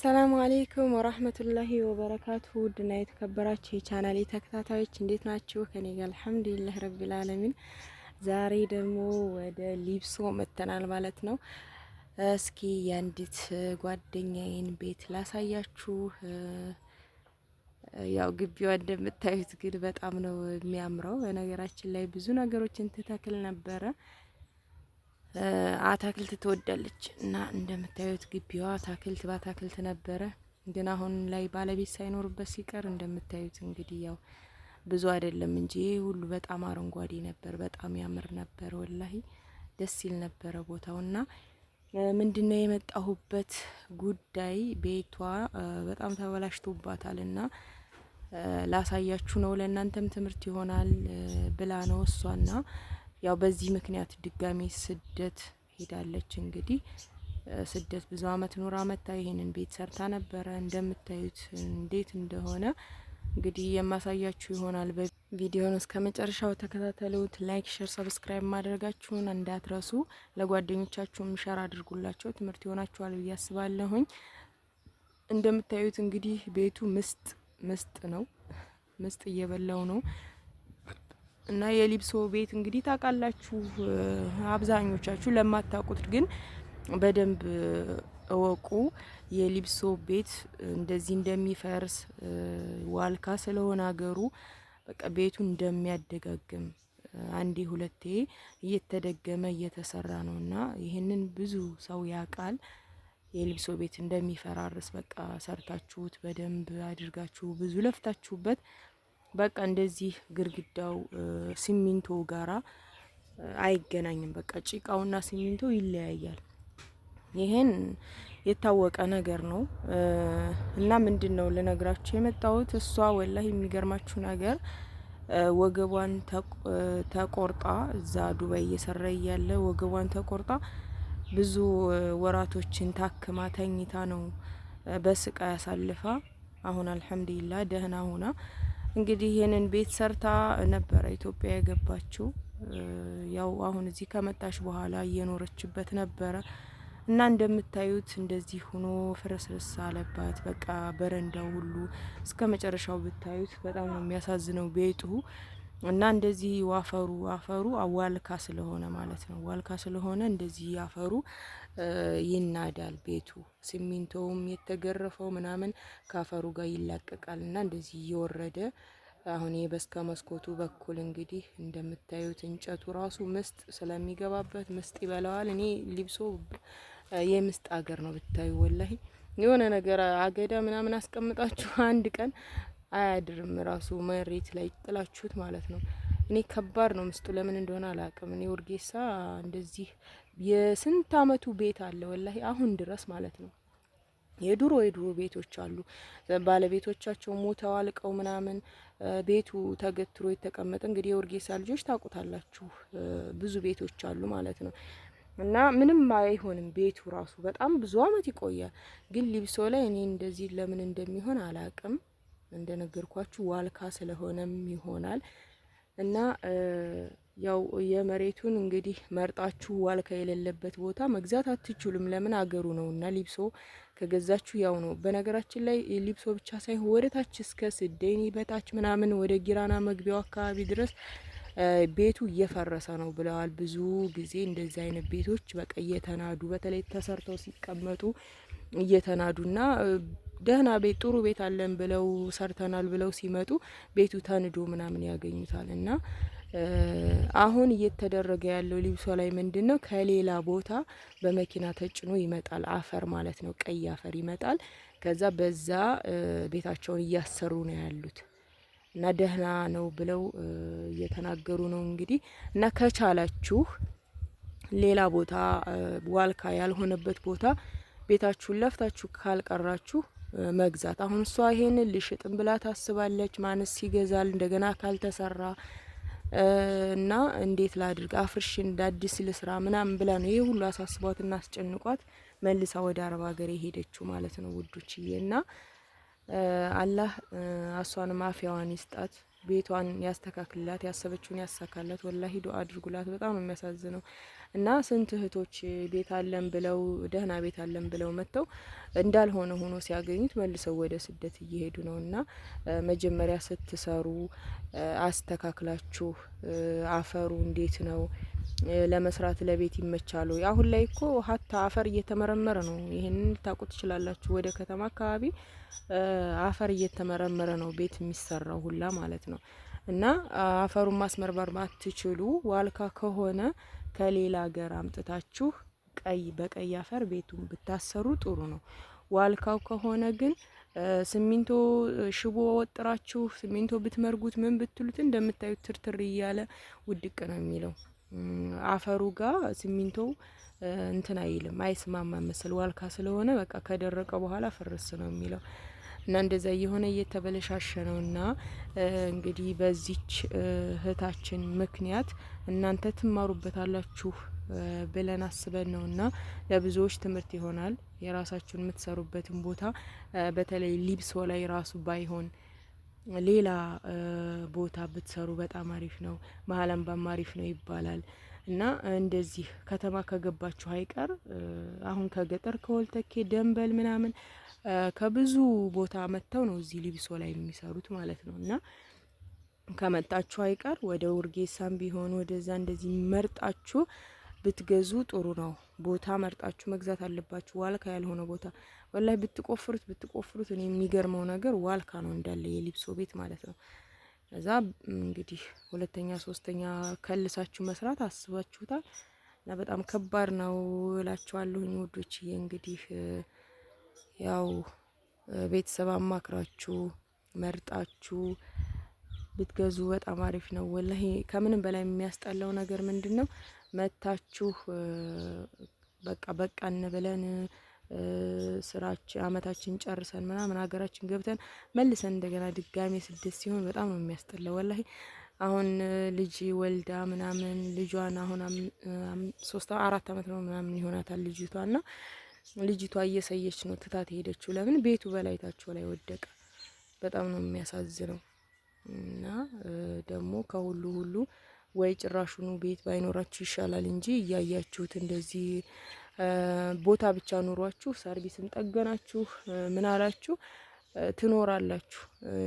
አሰላሙ አሌይኩም ወራህመቱላሂ ወበረካቱ። ውድና የተከበራችሁ የቻናሌ ተከታታዮች እንዴት ናችሁ? ከኔ ጋር አልሐምዱሊላህ ረቢል አለሚን። ዛሬ ደግሞ ወደ ሊብሶ መጥተናል ማለት ነው። እስኪ የአንዲት ጓደኛዬን ቤት ላሳያችሁ። ያው ግቢዋ እንደምታዩት ግን በጣም ነው የሚያምረው። በነገራችን ላይ ብዙ ነገሮችን ትተክል ነበረ አታክልት ትወዳለች እና እንደምታዩት ግቢዋ አታክልት በአታክልት ነበረ። ግን አሁን ላይ ባለቤት ሳይኖርበት ሲቀር እንደምታዩት እንግዲህ ያው ብዙ አይደለም እንጂ ይህ ሁሉ በጣም አረንጓዴ ነበር። በጣም ያምር ነበር። ወላሂ ደስ ይል ነበረ ምንድን ምንድነው የመጣሁበት ጉዳይ ቤቷ በጣም ተበላሽቶባታል እና ላሳያችሁ ነው፣ ለእናንተም ትምህርት ይሆናል ብላ ነው እሷና ያው በዚህ ምክንያት ድጋሚ ስደት ሄዳለች። እንግዲህ ስደት ብዙ አመት ኖራ መታ ይሄንን ቤት ሰርታ ነበረ። እንደምታዩት እንዴት እንደሆነ እንግዲህ የማሳያችሁ ይሆናል። ቪዲዮን እስከ መጨረሻው ተከታተሉት። ላይክ፣ ሼር፣ ሰብስክራይብ ማድረጋችሁን እንዳትረሱ። ለጓደኞቻችሁም ሸር አድርጉላቸው፣ ትምህርት ይሆናችኋል ብዬ አስባለሁኝ። እንደምታዩት እንግዲህ ቤቱ ምስጥ ምስጥ ነው። ምስጥ እየበላው ነው። እና የሊብሶ ቤት እንግዲህ ታውቃላችሁ አብዛኞቻችሁ። ለማታውቁት ግን በደንብ እወቁ። የሊብሶ ቤት እንደዚህ እንደሚፈርስ ዋልካ ስለሆነ ሀገሩ በቃ ቤቱ እንደሚያደጋግም አንዴ ሁለቴ እየተደገመ እየተሰራ ነው እና ይህንን ብዙ ሰው ያውቃል። የሊብሶ ቤት እንደሚፈራርስ በቃ ሰርታችሁት በደንብ አድርጋችሁ ብዙ ለፍታችሁበት በቃ እንደዚህ ግርግዳው ሲሚንቶ ጋራ አይገናኝም። በቃ ጭቃውና ሲሚንቶ ይለያያል። ይሄን የታወቀ ነገር ነው እና ምንድን ነው ልነግራችሁ የመጣሁት እሷ ወላህ የሚገርማችሁ ነገር ወገቧን ተቆርጣ እዛ ዱባይ እየሰራ እያለ ወገቧን ተቆርጣ ብዙ ወራቶችን ታክማ ተኝታ ነው በስቃይ አሳልፋ አሁን አልሐምዱሊላህ ደህና ሆና እንግዲህ ይህንን ቤት ሰርታ ነበረ ኢትዮጵያ የገባችው። ያው አሁን እዚህ ከመጣሽ በኋላ እየኖረችበት ነበረ እና እንደምታዩት እንደዚህ ሆኖ ፍርስርስ አለባት። በቃ በረንዳው ሁሉ እስከ መጨረሻው ብታዩት በጣም ነው የሚያሳዝነው ቤቱ እና እንደዚህ አፈሩ አፈሩ አዋልካ ስለሆነ ማለት ነው ዋልካ ስለሆነ እንደዚህ አፈሩ ይናዳል ቤቱ። ሲሚንቶውም የተገረፈው ምናምን ከአፈሩ ጋር ይላቀቃል እና እንደዚህ እየወረደ አሁን ይህ በስከ መስኮቱ በኩል እንግዲህ እንደምታዩት እንጨቱ ራሱ ምስጥ ስለሚገባበት ምስጥ ይበላዋል። እኔ ሊብሶ የምስጥ አገር ነው ብታዩ፣ ወላሂ የሆነ ነገር አገዳ ምናምን አስቀምጣችሁ አንድ ቀን አያድርም ራሱ መሬት ላይ ጥላችሁት ማለት ነው። እኔ ከባድ ነው ምስጡ፣ ለምን እንደሆነ አላቅም። እኔ ወርጌሳ እንደዚህ የስንት አመቱ ቤት አለ ወላሂ አሁን ድረስ ማለት ነው። የድሮ የድሮ ቤቶች አሉ። ባለቤቶቻቸው ሞተው አልቀው ምናምን ቤቱ ተገትሮ የተቀመጠ እንግዲህ የወርጌሳ ልጆች ታውቁታላችሁ። ብዙ ቤቶች አሉ ማለት ነው። እና ምንም አይሆንም ቤቱ ራሱ በጣም ብዙ አመት ይቆያል። ግን ሊብሶ ላይ እኔ እንደዚህ ለምን እንደሚሆን አላቅም። እንደነገርኳችሁ ዋልካ ስለሆነም ይሆናል እና ያው የመሬቱን እንግዲህ መርጣችሁ ዋልካ የሌለበት ቦታ መግዛት አትችሉም። ለምን አገሩ ነው እና ሊብሶ ከገዛችሁ ያው ነው። በነገራችን ላይ ሊብሶ ብቻ ሳይሆን ወደ ታች እስከ ስደኒ በታች ምናምን ወደ ጊራና መግቢያው አካባቢ ድረስ ቤቱ እየፈረሰ ነው ብለዋል። ብዙ ጊዜ እንደዚህ አይነት ቤቶች በቃ እየተናዱ በተለይ ተሰርተው ሲቀመጡ እየተናዱና ደህና ቤት ጥሩ ቤት አለን ብለው ሰርተናል ብለው ሲመጡ ቤቱ ተንዶ ምናምን ያገኙታል እና አሁን እየተደረገ ያለው ሊብሶ ላይ ምንድን ነው? ከሌላ ቦታ በመኪና ተጭኖ ይመጣል፣ አፈር ማለት ነው። ቀይ አፈር ይመጣል። ከዛ በዛ ቤታቸውን እያሰሩ ነው ያሉት እና ደህና ነው ብለው እየተናገሩ ነው እንግዲህ እና ከቻላችሁ ሌላ ቦታ ዋልካ ያልሆነበት ቦታ ቤታችሁን ለፍታችሁ ካልቀራችሁ መግዛት። አሁን እሷ ይሄንን ልሽጥም ብላ ታስባለች። ማንስ ይገዛል? እንደገና ካልተሰራ እና እንዴት ላድርግ አፍርሽ እንዳዲስ ልስራ ምናምን ብላ ነው ይህ ሁሉ አሳስቧት እና አስጨንቋት መልሳ ወደ አረብ ሀገር የሄደችው ማለት ነው ውዶችዬ። እና አላህ አሷን ማፊያዋን ይስጣት። ቤቷን ያስተካክልላት፣ ያሰበችውን ያሳካላት። ወላሂ ዱአ አድርጉላት። በጣም ነው የሚያሳዝነው እና ስንት እህቶች ቤት አለን ብለው ደህና ቤት አለን ብለው መጥተው እንዳልሆነ ሆኖ ሲያገኙት መልሰው ወደ ስደት እየሄዱ ነው እና መጀመሪያ ስትሰሩ አስተካክላችሁ አፈሩ እንዴት ነው ለመስራት ለቤት ይመቻሉ። አሁን ላይ እኮ ሀታ አፈር እየተመረመረ ነው። ይህንን ልታውቁ ትችላላችሁ። ወደ ከተማ አካባቢ አፈር እየተመረመረ ነው ቤት የሚሰራው ሁላ ማለት ነው። እና አፈሩን ማስመርመር ባትችሉ ዋልካ ከሆነ ከሌላ ሀገር አምጥታችሁ ቀይ በቀይ አፈር ቤቱን ብታሰሩ ጥሩ ነው። ዋልካው ከሆነ ግን ስሚንቶ ሽቦ ወጥራችሁ ሲሚንቶ ብትመርጉት ምን ብትሉት እንደምታዩት ትርትር እያለ ውድቅ ነው የሚለው። አፈሩ ጋር ሲሚንቶ እንትን አይልም አይስማማ መስል ዋልካ ስለሆነ በቃ ከደረቀ በኋላ ፍርስ ነው የሚለው እና እንደዛ እየሆነ እየተበለሻሸ ነው። እና እንግዲህ በዚች እህታችን ምክንያት እናንተ ትማሩበታላችሁ ብለን አስበን ነው እና ለብዙዎች ትምህርት ይሆናል። የራሳችሁን የምትሰሩበትን ቦታ በተለይ ሊብሶ ላይ ራሱ ባይሆን ሌላ ቦታ ብትሰሩ በጣም አሪፍ ነው፣ መሀል አምባም አሪፍ ነው ይባላል እና እንደዚህ ከተማ ከገባችሁ አይቀር አሁን ከገጠር ከወልተኬ ደንበል ምናምን ከብዙ ቦታ መጥተው ነው እዚህ ሊቢሶ ላይ የሚሰሩት ማለት ነው እና ከመጣችሁ አይቀር ወደ ውርጌሳም ቢሆን ወደዛ እንደዚህ መርጣችሁ ብትገዙ ጥሩ ነው። ቦታ መርጣችሁ መግዛት አለባችሁ። ዋልካ ያልሆነ ቦታ ወላይ ብትቆፍሩት ብትቆፍሩት እኔ የሚገርመው ነገር ዋልካ ነው እንዳለ የሊብሶ ቤት ማለት ነው። እዛ እንግዲህ ሁለተኛ ሶስተኛ ከልሳችሁ መስራት አስባችሁታል እና በጣም ከባድ ነው እላችኋለሁኝ ውዶች። እንግዲህ ያው ቤተሰብ አማክራችሁ መርጣችሁ ብትገዙ በጣም አሪፍ ነው። ወላሂ ከምንም በላይ የሚያስጠላው ነገር ምንድን ነው? መታችሁ በቃ በቃን ብለን ስራችን አመታችን ጨርሰን ምናምን ሀገራችን ገብተን መልሰን እንደገና ድጋሜ ስደት ሲሆን በጣም ነው የሚያስጠላው። ወላሂ አሁን ልጅ ወልዳ ምናምን ልጇን አሁን ሶስት አራት አመት ነው ምናምን ይሆናታል ልጅቷ ና ልጅቷ እየሰየች ነው ትታት ሄደችው። ለምን ቤቱ በላይታቸው ላይ ወደቀ። በጣም ነው የሚያሳዝነው እና ደግሞ ከሁሉ ሁሉ ወይ ጭራሹኑ ቤት ባይኖራችሁ ይሻላል እንጂ እያያችሁት እንደዚህ ቦታ ብቻ ኑሯችሁ ሰርቪስን ጠገናችሁ ምን አላችሁ ትኖራላችሁ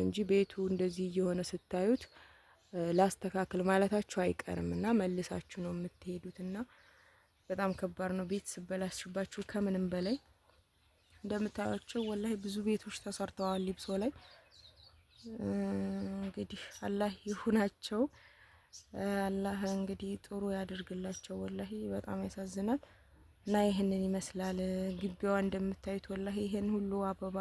እንጂ ቤቱ እንደዚህ እየሆነ ስታዩት ላስተካክል ማለታችሁ አይቀርም እና መልሳችሁ ነው የምትሄዱት እና በጣም ከባድ ነው። ቤት ስበላሽባችሁ ከምንም በላይ እንደምታዩቸው ወላሂ ብዙ ቤቶች ተሰርተዋል። ሊብሶ ላይ እንግዲህ አላህ ይሁናቸው። አላህ እንግዲህ ጥሩ ያደርግላቸው። ወላሂ በጣም ያሳዝናል እና ይህንን ይመስላል ግቢዋ እንደምታዩት። ወላሂ ይህን ሁሉ አበባ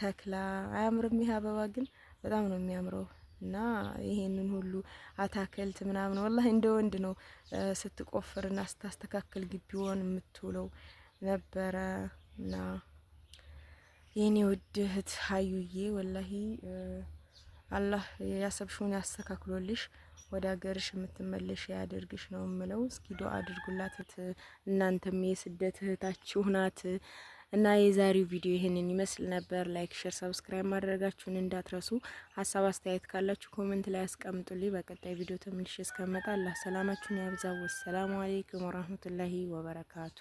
ተክላ አያምርም? ይህ አበባ ግን በጣም ነው የሚያምረው እና ይሄንን ሁሉ አታክልት ምናምን ወላሂ እንደ ወንድ ነው ስትቆፍርና ስታስተካክል ግቢውን የምትውለው ነበረ እና የኔ ውድ እህት ሀዩዬ ወላሂ አላህ ያሰብሽውን ያስተካክሎልሽ። ወደ ሀገርሽ የምትመለሽ ያደርግሽ ነው የምለው። እስኪ ዱአ አድርጉላት። እናንተም የስደት እህታችሁ ናት እና የዛሬው ቪዲዮ ይህንን ይመስል ነበር። ላይክ፣ ሼር፣ ሰብስክራይብ ማድረጋችሁን እንዳትረሱ። ሀሳብ አስተያየት ካላችሁ ኮሜንት ላይ አስቀምጡልኝ። በቀጣይ ቪዲዮ ተመልሼ እስከመጣ አላህ ሰላማችሁን ያብዛው። ወሰላሙ አሌይኩም ወራህመቱላሂ ወበረካቱ